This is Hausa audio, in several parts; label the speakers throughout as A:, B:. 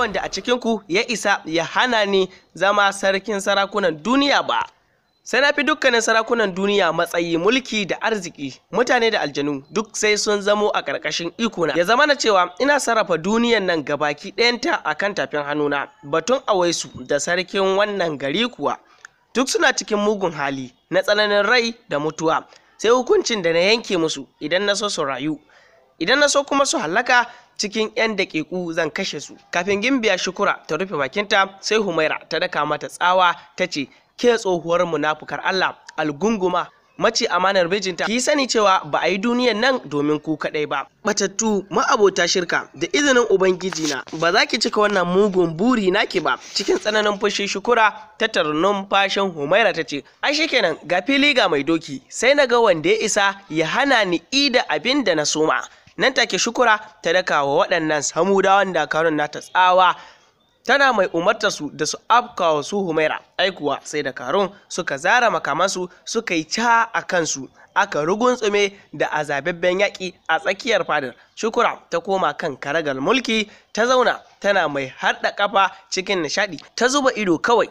A: wanda a cikinku ya isa ya hana ni zama sarkin sarakunan duniya ba sai na fi dukkanin sarakunan duniya matsayi mulki da arziki mutane da aljanu duk sai sun zamo a ƙarƙashin ikona ya zama na cewa ina sarrafa duniyan nan gabaki ɗayanta a kan tafin hannuna batun awaisu da sarkin wannan gari kuwa duk suna cikin mugun hali na tsananin rai da mutuwa sai hukuncin da na yanke musu idan na so su rayu idan na so kuma su hallaka cikin 'yan daƙiƙu zan kashe su kafin gimbiya shukura ta rufe bakinta sai humaira ta daka mata tsawa ta ce ke tsohuwar munafukar allah algunguma mace amanar mijinta ki sani cewa ba a yi duniyar nan domin ku kaɗai ba batattu ma'abota shirka da izinin ubangiji na ba za ki cika wannan mugun buri naki ba cikin tsananin fushi shukura ta numfashin fashin humaira ta ce ai shikenan ga fili ga mai doki sai na ga wanda ya isa ya hana ni ida abin da na soma nan take shukura ta daka wa waɗannan samudawan dakarun nata tsawa tana mai umarta su da su afka wa su humaira aikuwa sai dakarun suka zara makamansu suka yi ca a kansu aka rugun tsume da azababben yaƙi a tsakiyar fadar shukura ta koma kan karagar mulki ta zauna tana mai harda kafa cikin nishaɗi ta zuba ido kawai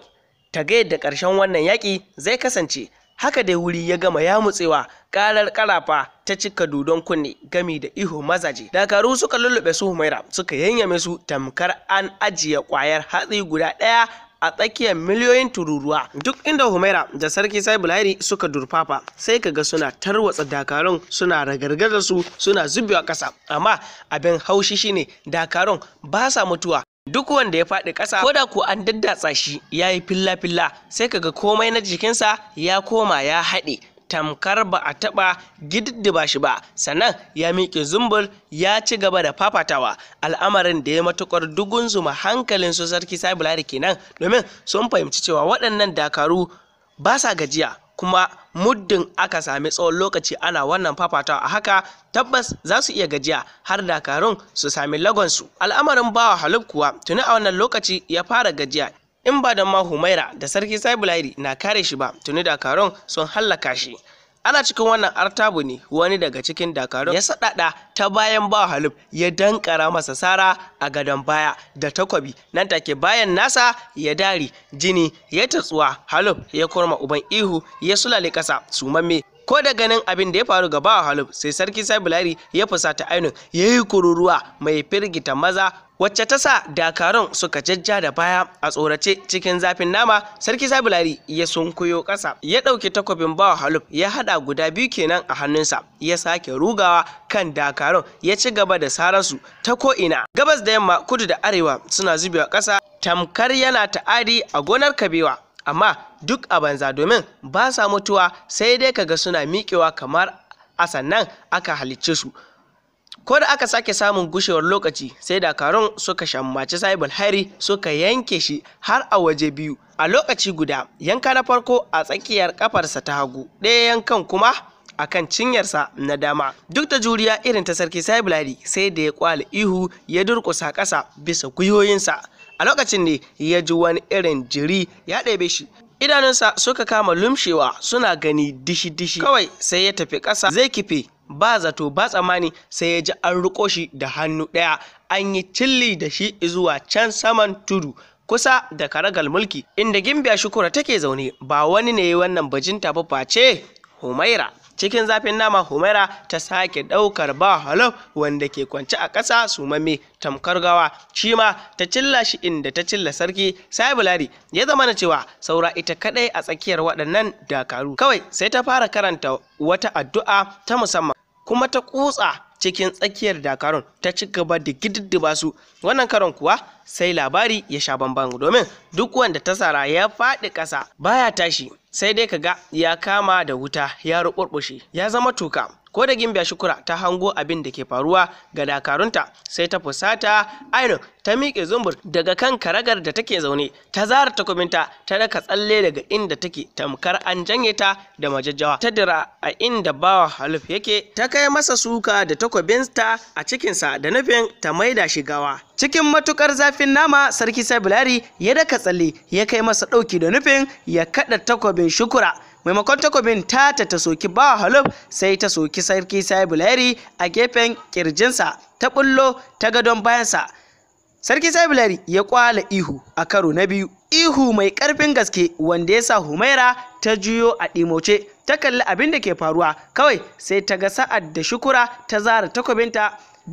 A: ta ga yadda ƙarshen wannan yaƙi zai kasance haka dai wuri ya gama ya mutsewa karar karafa ta cika dodon kunne gami da ihu mazaje dakaru suka lullube su humaira suka yanyame su tamkar an ajiye kwayar hatsi guda ɗaya a tsakiyar miliyoyin tururuwa duk inda humaira da sarki sai bulhari suka durfafa sai kaga suna tarwatsa dakarun suna ragargaza su suna zubewa ƙasa amma abin haushi shine dakarun ba sa mutuwa duk wanda ya faɗi ƙasa ko da ko an daddatsa shi ya yi filla-filla sai kaga komai na jikinsa ya koma ya haɗe tamkar ba a taɓa gididdiba shi ba sannan ya miƙe zumbul ya ci gaba da fafatawa al'amarin da ya matukar dugun zuma hankalin su sarki sabulari kenan domin sun fahimci cewa waɗannan dakaru ba sa gajiya kuma muddin aka sami tsawon lokaci ana wannan fafatawa a haka tabbas za su iya gajiya har dakarun su sami lagonsu al'amarin bawa halub kuwa tuni a wannan lokaci ya fara gajiya in ba da ma humaira da sarki saibulairi na kare shi ba tuni dakarun sun hallaka shi ana cikin wannan artabu ne wani daga cikin dakarun ya saɗaɗa ta bayan ba halif ya dankara masa sara a gadon baya da takobi. nan take bayan nasa ya dari jini ya tatsuwa halif ya kurma uban ihu ya sulale kasa sumamme ko da ganin abin da ya faru ga bawa halub sai sarki sabulari ya fusata ainun ya yi kururuwa mai firgita maza wacce ta sa dakarun suka jajja da baya a tsorace cikin zafin nama sarki sabulari ya sunkuyo ƙasa ya ɗauki takobin bawa halub ya haɗa guda biyu kenan a hannunsa ya sake rugawa kan dakarun ya ci gaba da sararsu ta ko'ina gabas da yamma kudu da arewa suna zubewa ƙasa tamkar yana ta'adi a gonar kabewa amma duk a banza domin ba sa mutuwa sai dai kaga suna miƙewa kamar a sannan aka halicce su ko da aka sake samun gushewar lokaci sai dakarun suka shammaci saibul hari suka yanke shi har a waje biyu a lokaci guda yanka na farko a tsakiyar kafarsa ta hagu ɗaya yankan kuma a kan cinyarsa na dama duk da juriya irin ta sarki saibulari sai da ya kwala ihu ya durƙusa ƙasa bisa gwiwoyinsa a lokacin ne ya ji wani irin jiri ya ɗebe shi idanunsa suka kama lumshewa suna gani dishi-dishi kawai sai ya tafi ƙasa zai kife ba zato ba tsammani sai ya ji an riko shi da hannu ɗaya an yi cilli da shi zuwa can saman tudu kusa da karagal mulki inda gimbiya shukura take zaune ba wani ne wannan bajinta ba face humaira cikin zafin nama humaira ta sake ɗaukar ba halau wanda ke kwance a ƙasa sumame tamkar gawa shi ma ta cilla shi inda ta cilla sarki bulari ya zama na cewa saura ita kadai a tsakiyar waɗannan dakaru kawai sai ta fara karanta wata addu'a ta musamman kuma ta kutsa cikin tsakiyar dakarun ta ci gaba da gididdiba su wannan karon kuwa sai labari ya sha bamban domin duk wanda ta sara ya faɗi ƙasa baya tashi sai dai kaga ya kama da wuta ya ruɓurɓushe ya zama toka ko da gimbiya shukura ta hango abin da ke faruwa ga dakarunta sai ta fusata ainihin ta miƙe zumbur daga kan karagar da take zaune ta zara takobinta ta daka tsalle daga inda take tamkar an janye ta da majajjawa ta dira a inda bawa halif yake ta kai masa suka da ta takobinta a cikinsa da nufin ta maida shi gawa cikin matukar zafin nama sarki sabilari ya daka tsalle ya kai masa ɗauki da nufin ya kaɗa takobin shukura maimakon takobin tata ta soki bawa halub sai ta soki sarki sabilari a gefen kirjinsa ta bullo ta gadon bayansa sarki sabilari ya kwala ihu a karo na biyu ihu mai ƙarfin gaske wanda ya sa humaira ta juyo a ɗimoce ta kalli abin da ke faruwa kawai sai ta ga sa'ad da shukura ta zara takobinta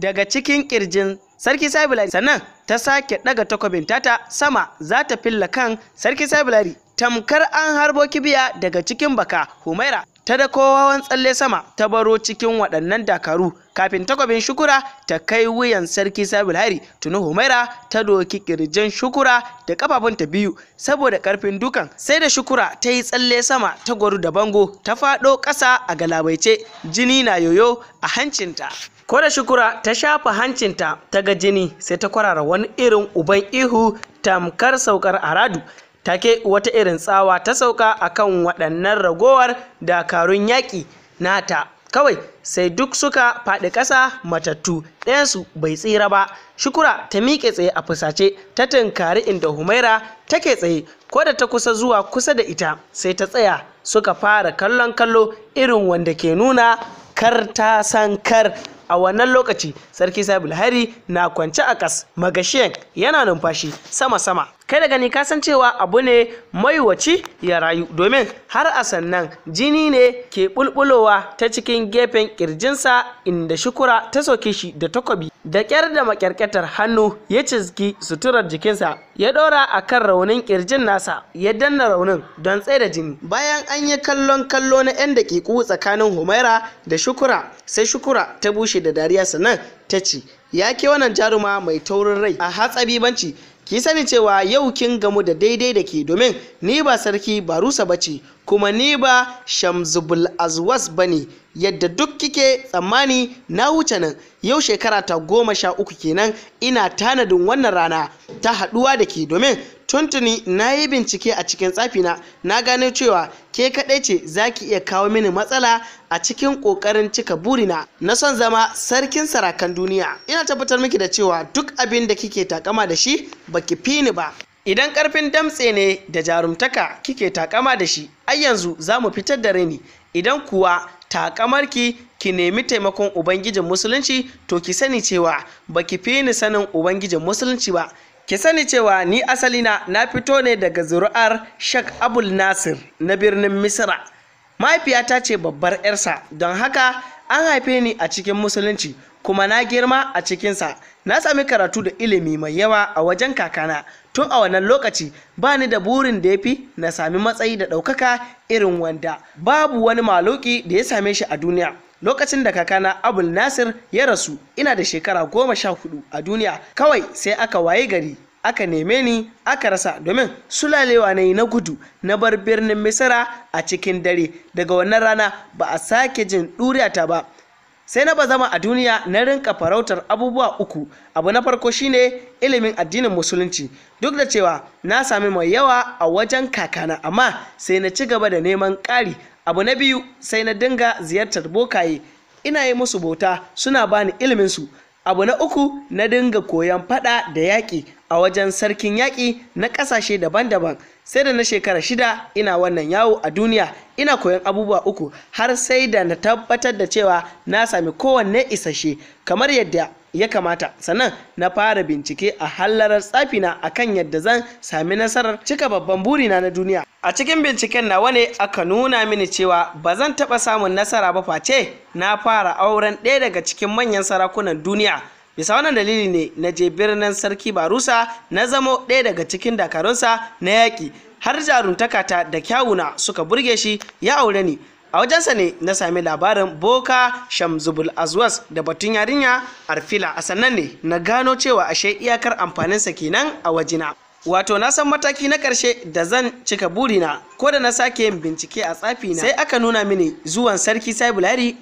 A: daga cikin kirjin sarki sabulari sannan ta sake daga takobin tata sama za ta filla kan sarki sabulari tamkar an harbo kibiya daga cikin baka humaira ta da kowawan tsalle sama ta baro cikin waɗannan dakaru kafin takwabin shukura ta kai wuyan sarki sabil hari tuni humaira ta doki kirjin shukura da ƙafafunta biyu saboda karfin dukan sai da shukura ta yi tsalle sama ta gwaru da bango ta faɗo ƙasa a galabaice jini na yoyo a hancinta ko da shukura ta shafa hancinta ta ga jini sai ta kwarara wani irin uban ihu tamkar saukar aradu take wata irin tsawa ta sauka akan waɗannan ragowar dakarun yaƙi nata kawai sai duk suka faɗi ƙasa matattu ɗayansu bai tsira ba shukura ta miƙe tsaye a fusace ta tunkari inda humaira take tsaye ko da ta kusa zuwa kusa da ita sai ta tsaya suka fara kallon kallo irin wanda ke nuna kar ta san kar a wannan lokaci sarki sabil hari na kwance a ƙas magashiyan yana numfashi sama-sama kai da gani kasan cewa abu ne maiwaci ya rayu domin har a sannan jini ne ke bulbulowa ta cikin gefen kirjinsa inda shukura ta soke shi da takobi da kyar da makyarkyatar hannu ya cizgi suturar jikinsa ya ɗora a kan raunin kirjin nasa ya danna raunin don tsaida jini bayan an yi kallon kallo na 'yan dakiku tsakanin humaira da shukura sai shukura ta bushe da dariya sannan ta ce ya ke wannan jaruma mai taurin rai a hatsabi banci ki sani cewa yau kin gamu da daidai da ke domin ni ba sarki ba rusa bace kuma ni ba shamzubul azwas bane yadda duk kike tsammani na wuce nan yau shekara ta goma sha uku kenan ina tanadin wannan rana ta haɗuwa da ke domin tuntuni na yi bincike a cikin tsafina na gano cewa ke kaɗai ce za ki iya kawo mini matsala a cikin ƙoƙarin cika burina na son zama sarkin sarakan duniya ina tabbatar miki da cewa duk abin da kike takama da shi baki fi ni ba idan ƙarfin damtse ne da jarumtaka kike takama da shi ai yanzu za mu fitar da reni idan kuwa takamarki ki nemi taimakon ubangijin musulunci to ki sani cewa baki fi ni sanin ubangijin musulunci ba ki sani cewa ni asalina na fito ne daga zuri'ar shak abul nasir na birnin misra mahaifiyata ce babbar yarsa don haka an haife ni a cikin musulunci kuma na girma a cikinsa na sami karatu da ilimi mai yawa a wajen kakana tun a wannan lokaci ba ni da burin da ya fi na sami matsayi da ɗaukaka irin wanda babu wani maluki da ya same shi a duniya lokacin da kakana abul nasir ya rasu ina da shekara goma sha hudu a duniya kawai sai aka waye gari aka neme ni aka rasa domin sulalewa na yi na gudu na bar birnin misira a cikin dare daga wannan rana ba a sake jin ɗuriyata ba sai na bazama a duniya na rinka farautar abubuwa uku abu na farko shine ilimin addinin musulunci duk da cewa na sami mai yawa a wajen kakana amma sai na ci gaba da neman ƙari abu na biyu sai na dinga ziyartar bokaye ina yi musu bauta suna bani iliminsu abu na uku na dinga koyon fada da yaƙi a wajen sarkin yaƙi na ƙasashe daban-daban sai da na shekara shida ina wannan yawo a duniya ina koyon abubuwa uku har sai da na tabbatar da cewa na sami kowanne isasshe kamar yadda ya kamata sannan na fara bincike a hallarar tsafina a kan yadda zan sami nasarar cika babban burina na duniya a cikin binciken nawa ne aka nuna mini cewa ba zan taɓa samun nasara ba face na fara auren ɗaya daga cikin manyan sarakunan duniya bisa wannan dalili ne na je birnin sarki barusa na zamo ɗaya daga cikin dakarunsa na yaƙi har jaruntakata da kyawuna suka burge shi ya aure ni a wajensa ne na sami labarin boka shamzubul azwas da batun yarinya arfila a sannan ne na gano cewa ashe iyakar amfaninsa kenan a wajina wato na san mataki na karshe da zan cika burina ko da na sake yin bincike a tsafi na sai aka nuna mini zuwan sarki sai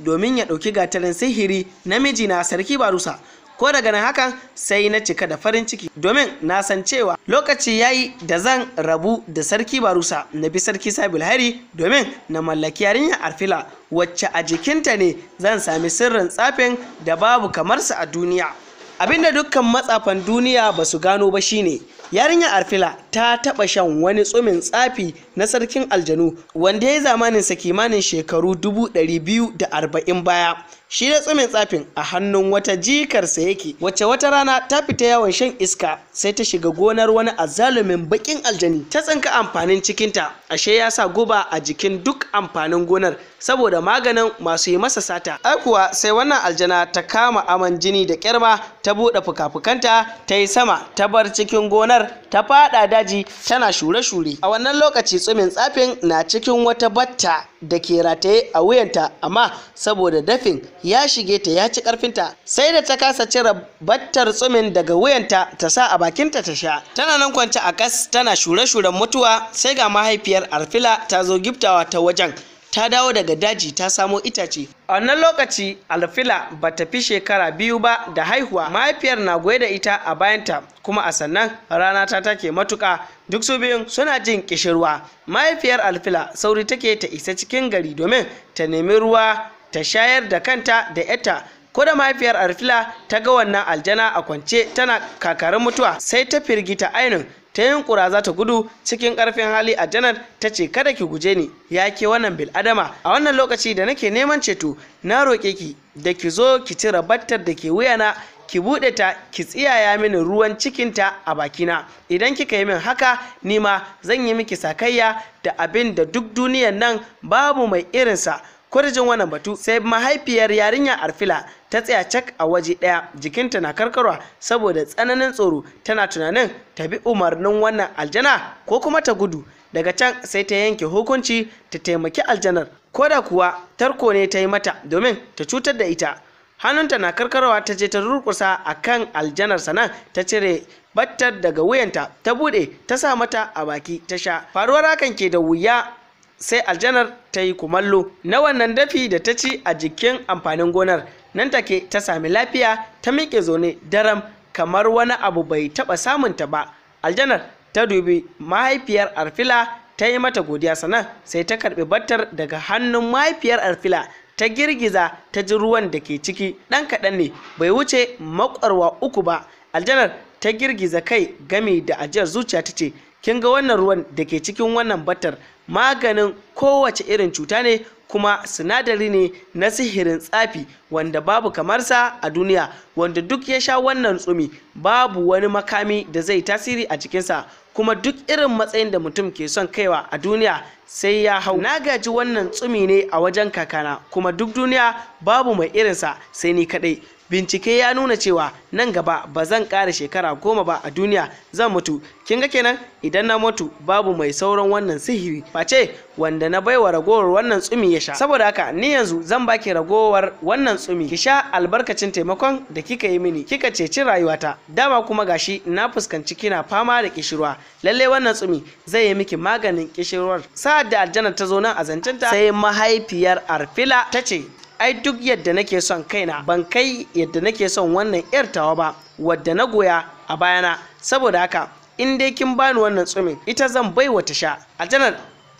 A: domin ya ɗauki gatarin sihiri namijina sarki barusa ko daga nan hakan sai na cika da farin ciki domin na san cewa lokaci yayi da zan rabu da sarki barusa na bi sarki sabil hari domin na mallaki Yarinyar arfila wacce a jikinta ne zan sami sirrin tsafin da babu kamar su a duniya abinda dukkan matsafan duniya ba su gano ba shine Yarinyar arfila ta taɓa shan wani tsumin tsafi na sarkin aljanu wanda ya yi zamanin sa kimanin shekaru 240 baya shi da tsumin tsafin a hannun wata jikarsa yake wacce wata rana ta fita yawon shan iska sai ta shiga gonar wani azalumin bakin aljani ta tsinka amfanin cikinta ashe ya sa guba a jikin duk amfanin gonar saboda maganin masu yi masa sata ai kuwa sai wannan aljana ta kama aman jini da kyarma ta buɗe fuka-fukanta ta yi sama ta bar cikin gonar ta faɗa daji tana shure-shure a wannan lokaci tsumin tsafin na cikin wata batta da ke rataye a wuyanta amma saboda dafin ya shige ta ya ci karfinta sai da ta kasa cire battar tsumin daga wuyanta ta sa a bakinta ta sha tana nan kwance a kas tana shure-shuren mutuwa sai ga mahaifiyar arfila ta zo giftawa ta wajen ta dawo daga daji ta samo itace a wannan lokaci alfila ba ta fi shekara biyu ba da haihuwa mahaifiyar na goye da ita a bayanta kuma a sannan rana ta take matuka duk su biyun suna jin kishirwa mahaifiyar alfila sauri take ta isa cikin gari domin ta nemi ruwa ta shayar da kanta da yata ko da mahaifiyar alfila ta ga wannan aljana a kwance tana kakarin mutuwa sai ta firgita ainin ta yunkura za ta gudu cikin karfin hali a janar ta ce kada ki guje ni ya ke wannan bil adama a wannan lokaci da nake neman ceto na roƙe ki da ki zo ki cire battar da ke wuyana ki buɗe ta ki tsiyaya mini ruwan cikinta a bakina idan kika yi min haka nima zan yi miki sakayya da abin da duk duniyan nan babu mai irinsa kurjin wannan batu sai mahaifiyar yarinya arfila ta tsaya cak a waje ɗaya jikinta na karkarwa saboda tsananin tsoro tana tunanin ta bi umarnin wannan aljana ko kuma ta gudu daga can sai ta yanke hukunci ta taimaki aljanar ko da kuwa tarko ne ta yi mata domin ta cutar da ita hannunta na karkarwa ta je ta rurkusa a kan aljanar sanan ta cire battar daga wuyanta ta buɗe ta sa mata a baki ta sha faruwar hakan ke da wuya sai aljanar ta yi kumallo na wannan dafi da ta ci a jikin amfanin gonar nan take ta sami lafiya ta miƙe zone daram kamar wani abu bai taɓa samunta ba aljanar ta dubi mahaifiyar arfila ta yi mata godiya sannan sai ta karɓi battar daga hannun mahaifiyar arfila ta girgiza ta ji ruwan da ke ciki ɗan kaɗan ne bai wuce makwarwa uku ba aljanar ta girgiza kai gami da ajiyar zuciya ta ce kin ga wannan ruwan da ke cikin wannan batar maganin kowace irin cuta ne kuma sinadari ne na sihirin tsafi wanda babu kamarsa a duniya wanda duk ya sha wannan tsumi babu wani makami da zai tasiri a cikinsa kuma duk irin matsayin da mutum ke son kaiwa a duniya sai ya hau na gaji wannan tsumi ne a wajen kakana kuma duk duniya babu mai irinsa sai ni kaɗai bincike ya nuna cewa nan gaba ba zan ƙara shekara goma ba a duniya zan mutu kin ga kenan idan na mutu babu mai sauran wannan sihiri face wanda na baiwa ragowar wannan tsumi ya sha saboda haka ni yanzu zan baki ragowar wannan tsumi ki sha albarkacin taimakon da kika yi mini kika ceci rayuwata dama kuma gashi na fuskanci kina fama da kishirwa lalle wannan tsumi zai yi miki maganin kishirwar sa'ad da aljanna ta zo nan a ta. sai mahaifiyar arfila ta ce ai duk yadda nake son kaina ban kai yadda nake son wannan yar tawa ba wadda na goya a bayana saboda haka in dai kin bani wannan tsumin ita zan bai wa ta sha aljanar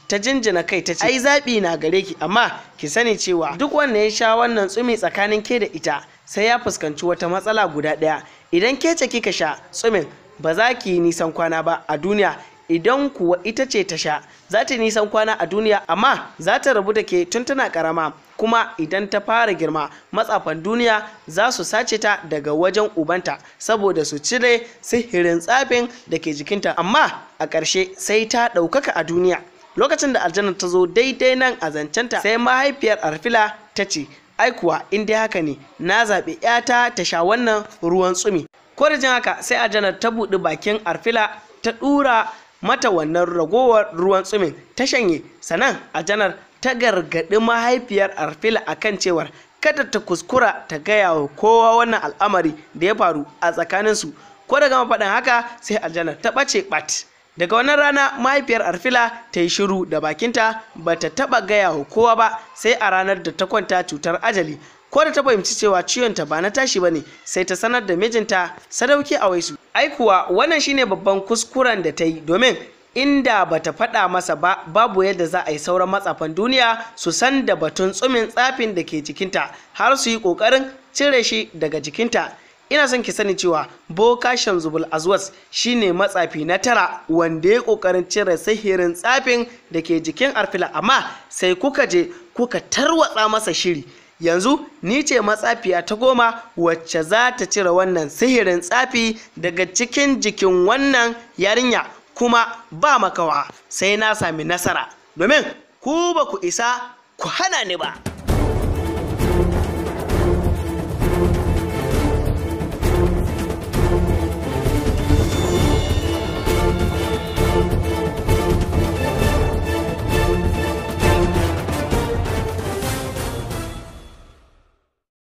A: ta jinjina kai ta ce ai zabi na gare ki amma ki sani cewa duk wanda ya sha wannan tsumi tsakanin ke da ita sai ya fuskanci wata matsala guda ɗaya idan ke ce kika sha tsumin ba za ki yi nisan kwana ba a duniya idan kuwa ita ce ta sha za ta nisan kwana a duniya amma za ta rabu da ke tun tana karama kuma idan ta fara girma matsafan duniya za su sace ta daga wajen ubanta saboda su cire sihirin tsafin da ke jikinta amma a ƙarshe sai ta ɗaukaka a duniya lokacin da aljanna ta zo daidai nan a zancenta sai mahaifiyar arfila ta ce aikuwa in dai haka ne na zaɓi 'yata ta sha wannan ruwan tsumi ko da jin haka sai aljanna ta buɗe bakin arfila ta ɗura mata wannan ragowar ruwan tsumin ta shanye sanan aljanar ta gargaɗi mahaifiyar arfila a kan cewar kada ta kuskura ta gaya wa kowa wannan al'amari da ya faru a tsakanin su ko daga mafaɗin haka sai aljanna ta ɓace ɓat daga wannan rana mahaifiyar arfila ta yi shiru da bakinta ba ta taɓa gaya wa kowa ba sai a ranar da ta kwanta cutar ajali ko da ta fahimci cewa ciwon ta ba na tashi ba ne sai ta sanar da mijinta sadauki a waisu aikuwa kuwa wannan shine babban kuskuren da ta yi domin inda bata faɗa masa ba babu yadda za a yi sauran matsafan duniya su san da batun tsumin tsafin da ke jikinta har su yi ƙoƙarin cire shi daga jikinta ina son ki sani cewa boka zubul azwas shine matsafi na tara wanda ya kokarin cire sihirin tsafin da ke jikin arfila amma sai kuka je kuka tarwatsa masa shiri yanzu ni ce matsafiya ta goma wacce za ta cire wannan sihirin tsafi daga cikin jikin wannan yarinya kuma ba makawa sai na sami nasara domin ku ba ku isa ku hana ni ba